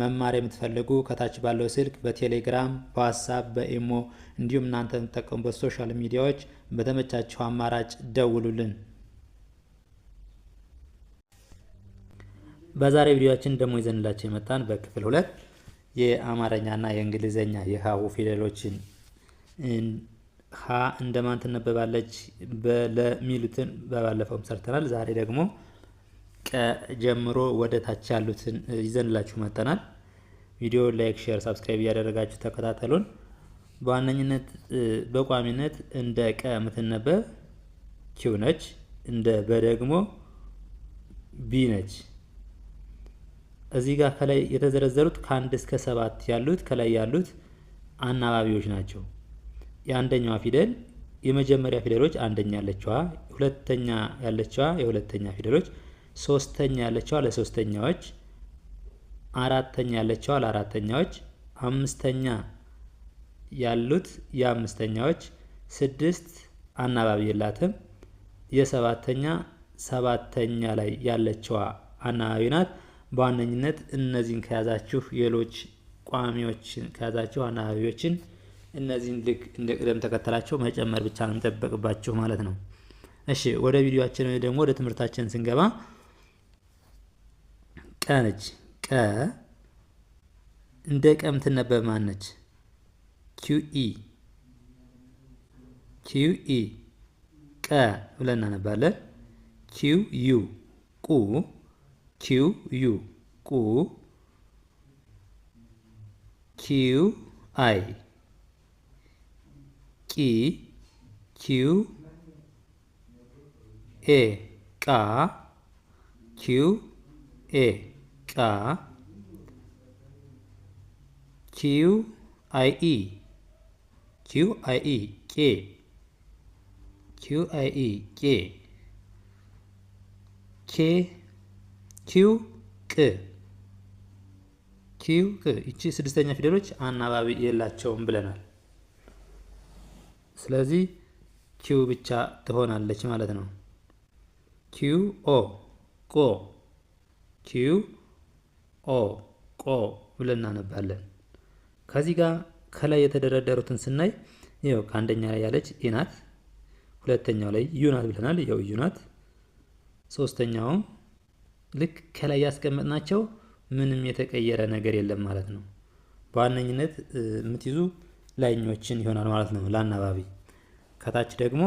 መማር የምትፈልጉ ከታች ባለው ስልክ በቴሌግራም በዋትሳፕ በኢሞ እንዲሁም እናንተ የምትጠቀሙ ሶሻል ሚዲያዎች በተመቻቸው አማራጭ ደውሉልን። በዛሬ ቪዲዮችን ደግሞ ይዘንላቸው የመጣን በክፍል ሁለት የአማርኛና የእንግሊዝኛ የሀሁ ፊደሎችን ሀ እንደማን ትነበባለች ለሚሉትን በባለፈውም ሰርተናል። ዛሬ ደግሞ ቀ ጀምሮ ወደ ታች ያሉትን ይዘንላችሁ መጠናል። ቪዲዮ ላይክ፣ ሼር፣ ሳብስክራይብ እያደረጋችሁ ተከታተሉን። በዋነኝነት በቋሚነት እንደ ቀ የምትነበብ ኪው ነች። እንደ በ ደግሞ ቢ ነች። እዚህ ጋር ከላይ የተዘረዘሩት ከአንድ እስከ ሰባት ያሉት ከላይ ያሉት አናባቢዎች ናቸው። የአንደኛዋ ፊደል የመጀመሪያ ፊደሎች አንደኛ ያለችዋ፣ ሁለተኛ ያለችዋ የሁለተኛ ፊደሎች ሶስተኛ ያለችዋ ለሶስተኛዎች፣ አራተኛ ያለችዋ ለአራተኛዎች፣ አምስተኛ ያሉት የአምስተኛዎች፣ ስድስት አናባቢ የላትም። የሰባተኛ ሰባተኛ ላይ ያለችዋ አናባቢ ናት። በዋነኝነት እነዚህን ከያዛችሁ ሌሎች ቋሚዎችን ከያዛችሁ አናባቢዎችን እነዚህን ልክ እንደ ቅደም ተከተላቸው መጨመር ብቻ ነው የሚጠበቅባችሁ ማለት ነው። እሺ ወደ ቪዲዮአችን ወይ ደግሞ ወደ ትምህርታችን ስንገባ ቀነች ቀ እንደ ቀ ምትነበብ ነች? ኪዩኢ ኪዩኢ ቀ ብለን እናነባለን። ኪው ዩ ቁ ኪው ዩ ቁ ኪው አይ ቂ ኪዩ ኤ ቃ ኪው ኤ ኪዩአይኢ ኪዩአይኢ ቄ ኪዩአይኢ ቄ ኬ ኪው ቅ ኪው ቅ ይቺ ስድስተኛ ፊደሎች አናባቢ የላቸውም ብለናል። ስለዚህ ኪው ብቻ ትሆናለች ማለት ነው። ኪው ኦ ቆ ኪው ኦ ቆ ብለን እናነባለን። ከዚህ ጋር ከላይ የተደረደሩትን ስናይ ይኸው ከአንደኛ ላይ ያለች ኢናት፣ ሁለተኛው ላይ ዩናት ብለናል። ይኸው ዩናት። ሶስተኛውም ልክ ከላይ ያስቀመጥናቸው ምንም የተቀየረ ነገር የለም ማለት ነው። በዋነኝነት የምትይዙ ላይኞችን ይሆናል ማለት ነው ለአናባቢ። ከታች ደግሞ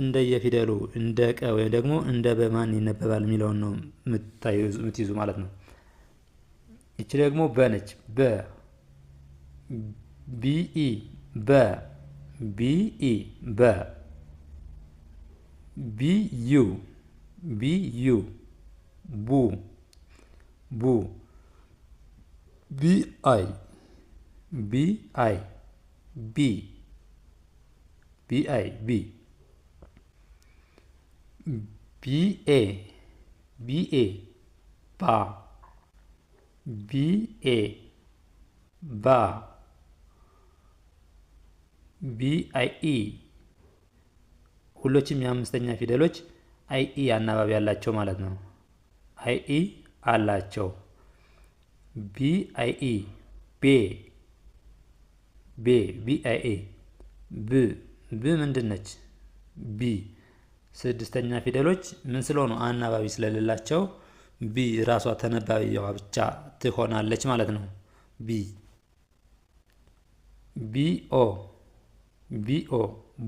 እንደየፊደሉ እንደ ቀ ወይም ደግሞ እንደ በማን ይነበባል የሚለውን ነው የምትይዙ ማለት ነው። ይቺ ደግሞ በነች በ ቢኢ በ ቢኢ በ ቢዩ ቢዩ ቡ ቡ ቢአይ ቢአይ ቢ ቢአይ ቢ ቢኤ ቢኤ ባ ቢኤ ባ ቢአይኢ ሁሎችም የአምስተኛ ፊደሎች አይኢ e አናባቢ አላቸው ማለት ነው። አይኢ e አላቸው። ቢአይኢ ቤ ቤ ቢአይኢ ብ ብ ምንድን ነች? ቢ ስድስተኛ ፊደሎች ምን ስለሆኑ አናባቢ ስለሌላቸው ቢ ራሷ ተነባቢዋ ብቻ ትሆናለች ማለት ነው። ቢ ቢኦ ቢኦ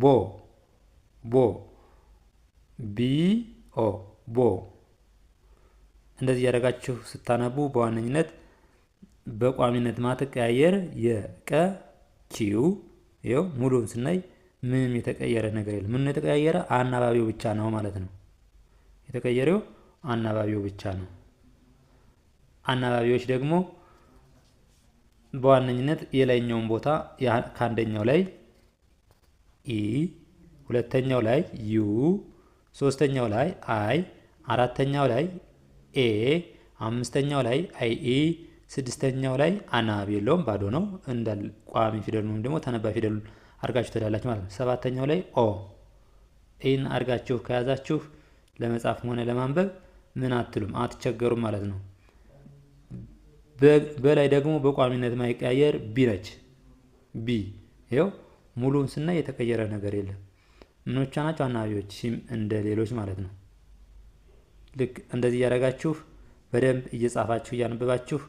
ቦ ቦ ቢኦ ቦ እንደዚህ ያደረጋችሁ ስታነቡ በዋነኝነት በቋሚነት ማትቀያየር የቀ ኪዩ ይኸው ሙሉውን ስናይ ምንም የተቀየረ ነገር የለም። ምን የተቀያየረ አናባቢው ብቻ ነው ማለት ነው። የተቀየረው አናባቢው ብቻ ነው። አናባቢዎች ደግሞ በዋነኝነት የላይኛውን ቦታ ከአንደኛው ላይ ኢ፣ ሁለተኛው ላይ ዩ፣ ሶስተኛው ላይ አይ፣ አራተኛው ላይ ኤ፣ አምስተኛው ላይ አይ ኢ፣ ስድስተኛው ላይ አናባቢ የለውም ባዶ ነው። እንዳል ቋሚ ፊደል ወይም ደግሞ ተነባቢ አርጋችሁ ትሄዳላችሁ ማለት ነው። ሰባተኛው ላይ ኦ ኢን አርጋችሁ ከያዛችሁ ለመጻፍም ሆነ ለማንበብ ምን አትሉም አትቸገሩም ማለት ነው። በላይ ደግሞ በቋሚነት ማይቀያየር ቢ ነች። ቢ ይኸው ሙሉን ስናይ የተቀየረ ነገር የለም። ምኖቿ ናቸው አናባቢዎች፣ ሲም እንደ ሌሎች ማለት ነው። ልክ እንደዚህ እያደረጋችሁ በደንብ እየጻፋችሁ እያነበባችሁ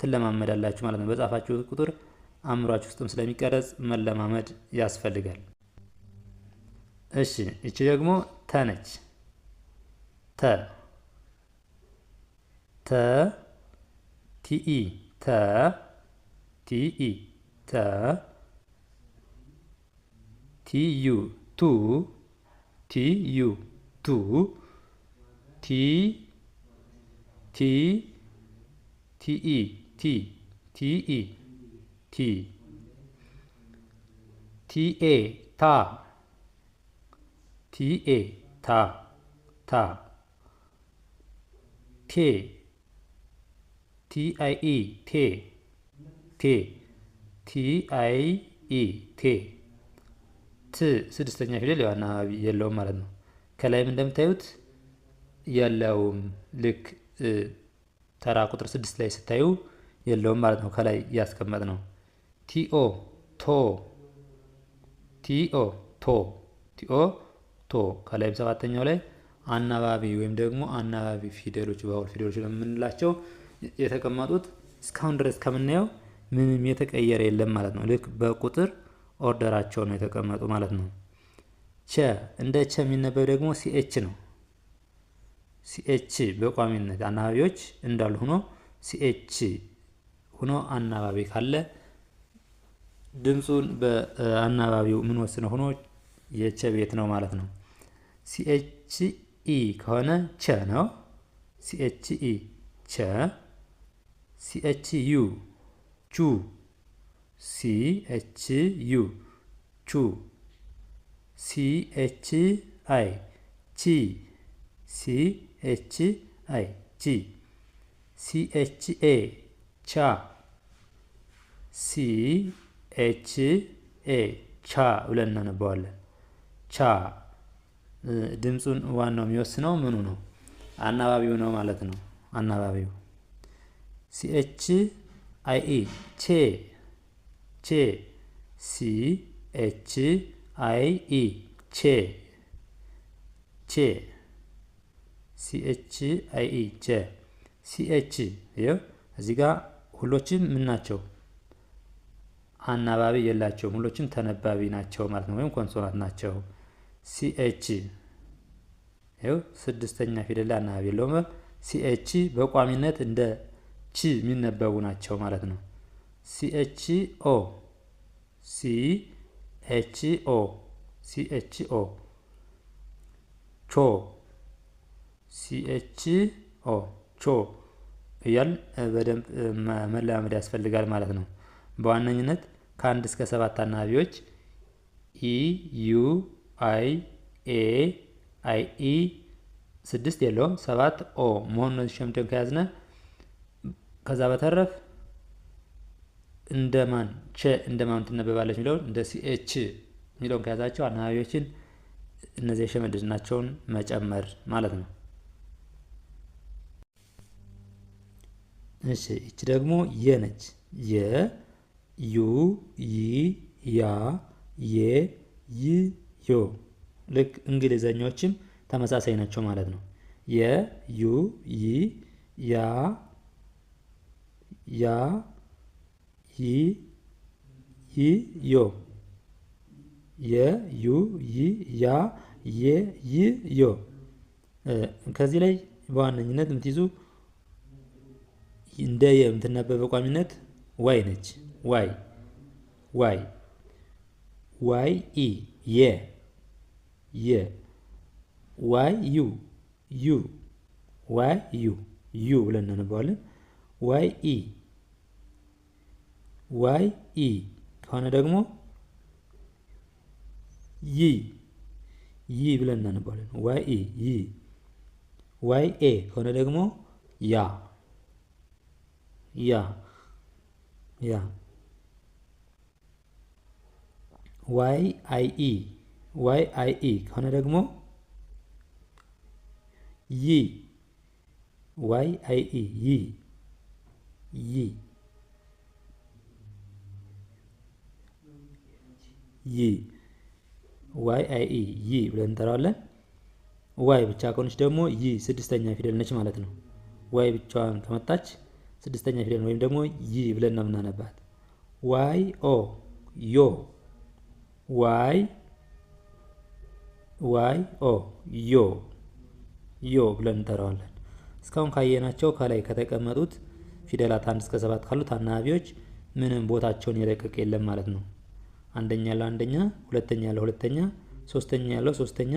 ትለማመዳላችሁ ማለት ነው። በጻፋችሁ ቁጥር አእምሯችሁ ውስጥም ስለሚቀረጽ መለማመድ ያስፈልጋል። እሺ እቺ ደግሞ ተነች ተ ተ ቲኢ ተ ቲኢ ተ ቲዩ ቱ ቲዩ ቱ ቲ ቲ ቲኢ ቲ ቲኢ T ቲኤ ታ ቲኤ ታ ታ ቴ ቲአይኢ T ቴ ቲአይኢ ቴ ት ስድስተኛ ፊደል ዋና የለውም ማለት ነው። ከላይም እንደምታዩት የለውም ልክ ተራ ቁጥር ስድስት ላይ ስታዩ የለውም ማለት ነው። ከላይ እያስቀመጥ ነው። ቲኦ ቶ ቲኦ ቶ ቲኦ ቶ ከላይ ሰባተኛው ላይ አናባቢ ወይም ደግሞ አናባቢ ፊደሎች ባውል ፊደሎች የምንላቸው የተቀመጡት እስካሁን ድረስ ከምናየው ምንም የተቀየረ የለም ማለት ነው። ልክ በቁጥር ኦርደራቸው ነው የተቀመጡ ማለት ነው። ቸ እንደ ቸ የሚነበብ ደግሞ ሲኤች ነው። ሲኤች በቋሚነት አናባቢዎች እንዳሉ ሆኖ ሲኤች ሆኖ አናባቢ ካለ ድምፁን በአናባቢው የምንወስነው ሆኖ የቸ ቤት ነው ማለት ነው። ሲኤች ኢ ከሆነ ቸ ነው። ሲኤች ኢ ቸ። ሲኤች ዩ ቹ። ሲኤች ዩ ቹ። ሲኤች አይ ቺ። ሲኤች አይ ቺ። ሲኤች ኤ ቻ። ሲ ኤች ኤ ቻ ብለን እናነባዋለን። ቻ ድምፁን ዋናው የሚወስነው ምኑ ነው? አናባቢው ነው ማለት ነው። አናባቢው ሲኤች አይ ኢ ቼ ቼ ሲ ኤች አይ ኢ ቼ ቼ ሲ አይ ኢ ቼ ሲ ይኸው እዚህ ጋር ሁሎችም ምን ናቸው? አናባቢ የላቸውም። ሁሎችም ተነባቢ ናቸው ማለት ነው፣ ወይም ኮንሶናንት ናቸው። ሲኤች ይኸው ስድስተኛ ፊደል አናባቢ የለውም። ሲኤች በቋሚነት እንደ ቺ የሚነበቡ ናቸው ማለት ነው። ሲኤች ኦ ሲኤች ኦ ሲኤች ኦ ቾ ሲኤች ኦ ቾ እያል በደንብ መለማመድ ያስፈልጋል ማለት ነው በዋነኝነት ከአንድ እስከ ሰባት አናባቢዎች ኢ ዩ አይ ኤ አይ ኢ ስድስት የለውም ሰባት ኦ መሆኑን ሸምደን ከያዝነ ከዛ በተረፍ እንደማን ቸ እንደማን ትነበባለች የሚለውን እንደ ሲኤች የሚለውን ከያዛቸው አናባቢዎችን እነዚህ የሸመደድናቸውን መጨመር ማለት ነው። እሺ ይቺ ደግሞ የነች የ ዩ ይ ያ የ ይ ዮ ልክ እንግሊዘኞችም ተመሳሳይ ናቸው ማለት ነው። የ ዩ ይ ያ ያ ይ ይ ዮ የ ዩ ይ ያ የ ይ ዮ ከዚህ ላይ በዋነኝነት የምትይዙ እንደ የምትነበበ ቋሚነት ዋይ ነች። ዋይ ዋይ ዋይ ኢ የ የ ዋይ ዩ ዩ ዋይ ዩ ዩ ብለን እናነባዋለን። ዋይ ኢ ዋይ ኢ ከሆነ ደግሞ ይ ይ ብለን እናነባዋለን። ዋይ ኢ e? ይ ዋይ ኤ ከሆነ ደግሞ ያ ያ ያ ዋይ አይ ኢ ዋይ አይ ኢ ከሆነ ደግሞ ይ ዋይ አይ ኢ ይ ይ ይ ዋይ አይ ኢ ይ ብለን እንጠራዋለን። ዋይ ብቻ ከሆነች ደግሞ ይ ስድስተኛ ፊደል ነች ማለት ነው። ዋይ ብቻዋን ከመጣች ስድስተኛ ፊደል ወይም ደግሞ ይ ብለን ነው የምናነባት። ዋይ ኦ ዮ ዋይ ዋይ ኦ ዮ ዮ ብለን እንጠራዋለን። እስካሁን ካየናቸው ከላይ ከተቀመጡት ፊደላት አንድ እስከ ሰባት ካሉት አናባቢዎች ምንም ቦታቸውን የለቀቅ የለም ማለት ነው። አንደኛ ያለው አንደኛ፣ ሁለተኛ ያለው ሁለተኛ፣ ሶስተኛ ያለው ሶስተኛ፣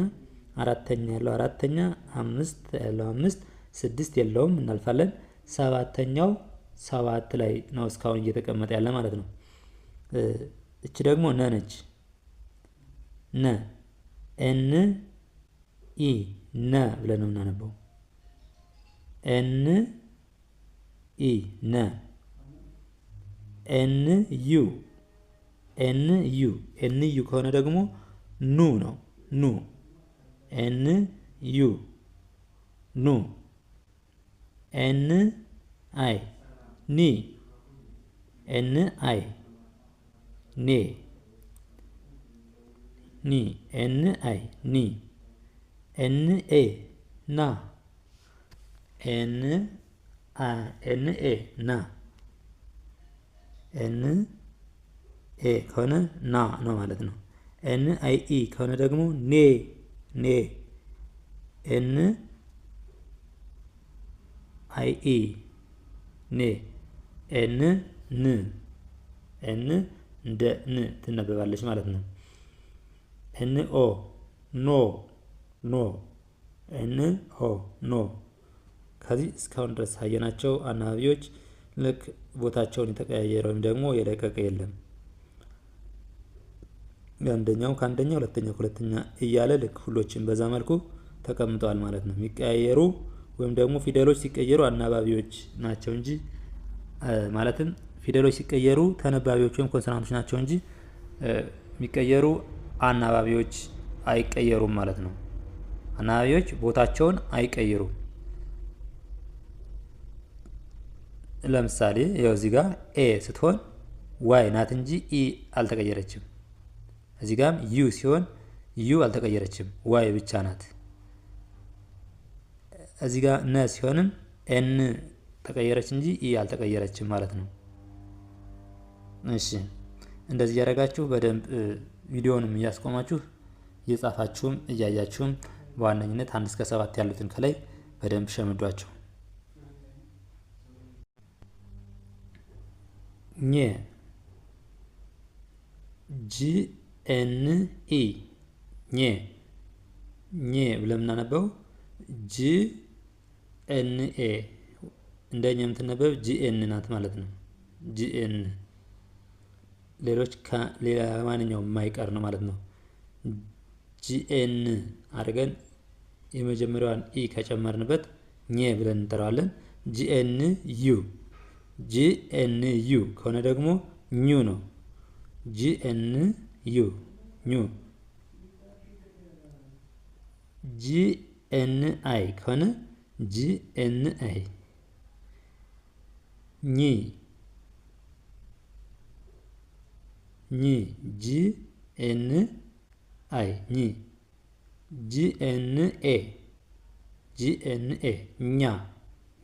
አራተኛ ያለው አራተኛ፣ አምስት ያለው አምስት፣ ስድስት የለውም እናልፋለን። ሰባተኛው ሰባት ላይ ነው እስካሁን እየተቀመጠ ያለ ማለት ነው። እች ደግሞ ነነች ነ ኤን ኢ ነ ብለን ነው የምናነበው። ኤን ኢ ነ ኤን ዩ ኤን ዩ ኤን ዩ ከሆነ ደግሞ ኑ ነው ኑ ኤን ዩ ኑ ኤን አይ ኒ ኤን አይ ኔ ኒ ኤን አይ ኒ ኤን ኤ ና ኤን ኤን ኤ ና ኤን ኤ ከሆነ ና ነው ማለት ነው። ኤን አይ ኢ ከሆነ ደግሞ ኔ ኔ ኤን አይ ኢ ኔ ኤን ን ኤን እንደ ን ትነበባለች ማለት ነው። ኤን ኦ ኖ ኖ ኤን ኖ። ከዚህ እስካሁን ድረስ ያየናቸው አናባቢዎች ልክ ቦታቸውን የተቀያየረ ወይም ደግሞ የለቀቀ የለም። አንደኛው ከአንደኛ ሁለተኛ ከሁለተኛ እያለ ልክ ሁሎችን በዛ መልኩ ተቀምጠዋል ማለት ነው። የሚቀያየሩ ወይም ደግሞ ፊደሎች ሲቀየሩ አናባቢዎች ናቸው እንጂ ማለትም ፊደሎች ሲቀየሩ ተነባቢዎች ወይም ኮንሶናንቶች ናቸው እንጂ የሚቀየሩ አናባቢዎች አይቀየሩም ማለት ነው። አናባቢዎች ቦታቸውን አይቀይሩም። ለምሳሌ ያው እዚህ ጋር ኤ ስትሆን ዋይ ናት እንጂ ኢ አልተቀየረችም። እዚህ ጋም ዩ ሲሆን ዩ አልተቀየረችም፣ ዋይ ብቻ ናት። እዚህ ጋር ነ ሲሆንም ኤን ተቀየረች እንጂ ኢ አልተቀየረችም ማለት ነው። እሺ እንደዚህ ያደረጋችሁ በደንብ ቪዲዮንም እያስቆማችሁ እየጻፋችሁም እያያችሁም በዋነኝነት አንድ እስከ ሰባት ያሉትን ከላይ በደንብ ሸምዷቸው። ኘ ኢ ኘ ኘ ብለን የምናነበው ኤን ኤ እንደኛ የምትነበብ ኤን ናት ማለት ነው። ኤን ሌሎች ሌላ ማንኛውም የማይቀር ነው ማለት ነው። ጂኤን አድርገን የመጀመሪያዋን ኢ ከጨመርንበት ኘ ብለን እንጠራዋለን። ጂኤን ዩ ጂኤን ዩ ከሆነ ደግሞ ኙ ነው። ጂኤን ዩ ኙ። ጂኤን አይ ከሆነ ጂኤን አይ ኚ ኒ ጂ ኤን አይ ኝ ጂ ኤን ኤ ጂ ኤን ኤ ኛ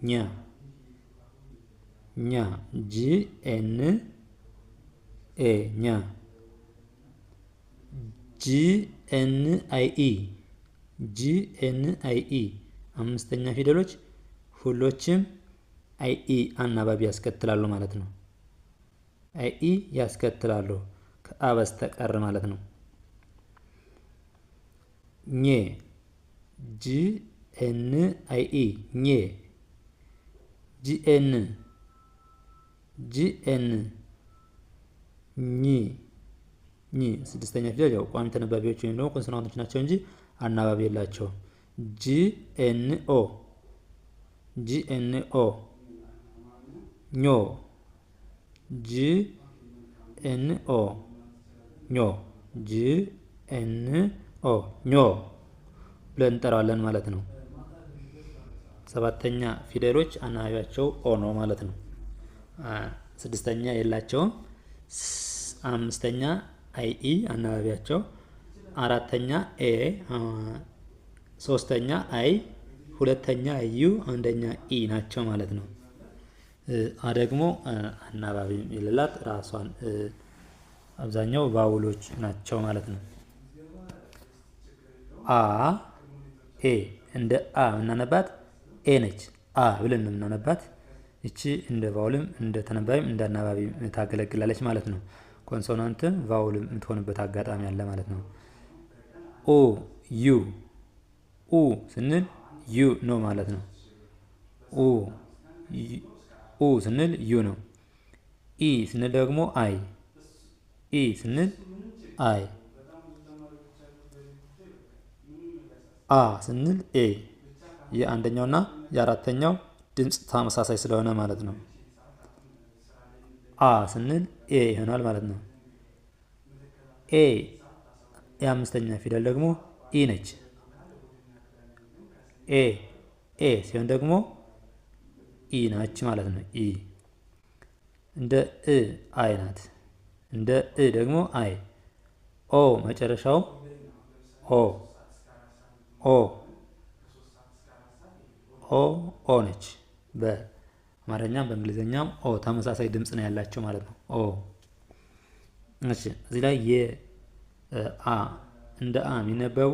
ኛ ኛ ጂ ኤን ኤ ኛ ጂ ኤን አይ ኢ ጂ ኤን አይ ኢ አምስተኛ ፊደሎች ሁሎችም አይ ኢ e አናባቢ ያስከትላሉ ማለት ነው። አይ ኢ e ያስከትላሉ። ከአ በስተቀር ማለት ነው። ኘ ጂ ኤን አይ ኢ ኘ ጂኤን ጂኤን ኚ ኚ ስድስተኛ ፊደል ያው ቋሚ ተነባቢዎች ወይም ደግሞ ኮንሶናንቶች ናቸው እንጂ አናባቢ የላቸውም። ጂኤን ኦ ጂኤን ኦ ኞ ጂኤን ኦ ኞ ጂ ኤን ኦ ኞ ብለን እንጠራዋለን ማለት ነው። ሰባተኛ ፊደሎች አናባቢያቸው ኦ ነው ማለት ነው። ስድስተኛ የላቸውም። አምስተኛ አይ ኢ አናባቢያቸው፣ አራተኛ ኤ፣ ሶስተኛ አይ፣ ሁለተኛ ዩ፣ አንደኛ ኢ ናቸው ማለት ነው። አ ደግሞ አናባቢ የሌላት ራሷን አብዛኛው ቫውሎች ናቸው ማለት ነው። አ ኤ እንደ አ የምናነባት ኤ ነች። አ ብለን ነው የምናነባት። እቺ እንደ ቫውልም እንደ ተነባቢም እንደ አናባቢም ታገለግላለች ማለት ነው። ኮንሶናንትም ቫውልም የምትሆንበት አጋጣሚ አለ ማለት ነው። ኦ ዩ ኡ ስንል ዩ ነው ማለት ነው። ኡ ስንል ዩ ነው። ኢ ስንል ደግሞ አይ ኢ ስንል አይ፣ አ ስንል ኤ። የአንደኛውና የአራተኛው ድምፅ ተመሳሳይ ስለሆነ ማለት ነው። አ ስንል ኤ ይሆናል ማለት ነው። ኤ የአምስተኛ ፊደል ደግሞ ኢ ነች። ኤ ኤ ሲሆን ደግሞ ኢ ናች ማለት ነው። ኢ እንደ እ አይ ናት። እንደ እ ደግሞ አይ ኦ መጨረሻው ኦ ኦ ኦ ኦ ነች። በአማርኛም በእንግሊዝኛም ኦ ተመሳሳይ ድምፅ ነው ያላቸው ማለት ነው። ኦ እሺ፣ እዚህ ላይ የአ እንደ አ የሚነበቡ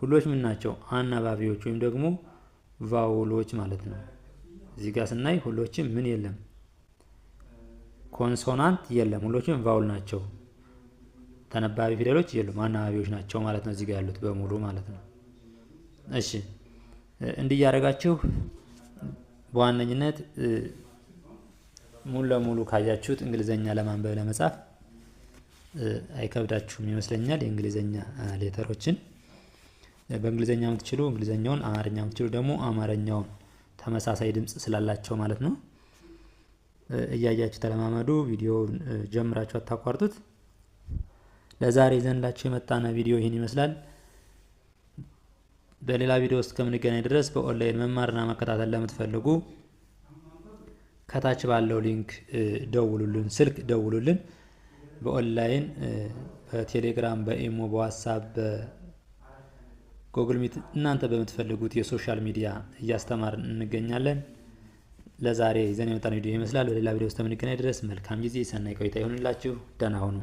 ሁሎች ምን ናቸው? አናባቢዎች ወይም ደግሞ ቫውሎች ማለት ነው። እዚህ ጋር ስናይ ሁሎችም ምን የለም ኮንሶናንት የለም። ሁሎችም ቫውል ናቸው። ተነባቢ ፊደሎች የሉም። አናባቢዎች ናቸው ማለት ነው። እዚህ ያሉት በሙሉ ማለት ነው። እሺ እንዲህ እያደረጋችሁ በዋነኝነት ሙሉ ለሙሉ ካያችሁት እንግሊዘኛ ለማንበብ ለመጻፍ አይከብዳችሁም ይመስለኛል። የእንግሊዘኛ ሌተሮችን በእንግሊዘኛ የምትችሉ እንግሊዘኛውን፣ አማርኛ የምትችሉ ደግሞ አማርኛውን ተመሳሳይ ድምፅ ስላላቸው ማለት ነው። እያያችሁ ተለማመዱ። ቪዲዮውን ጀምራችሁ አታቋርጡት። ለዛሬ ዘንዳችሁ የመጣነ ቪዲዮ ይህን ይመስላል። በሌላ ቪዲዮ ውስጥ ከምንገናኝ ድረስ በኦንላይን መማርና መከታተል ለምትፈልጉ ከታች ባለው ሊንክ ደውሉልን፣ ስልክ ደውሉልን። በኦንላይን በቴሌግራም፣ በኢሞ፣ በዋትሳፕ፣ በጎግል ሚት እናንተ በምትፈልጉት የሶሻል ሚዲያ እያስተማርን እንገኛለን። ለዛሬ ይዘን የመጣን ቪዲዮ ይመስላል። በሌላ ቪዲዮ ውስጥ እስከምንገናኝ ድረስ መልካም ጊዜ፣ ሰናይ ቆይታ ይሆንላችሁ። ደህና ሁኑ።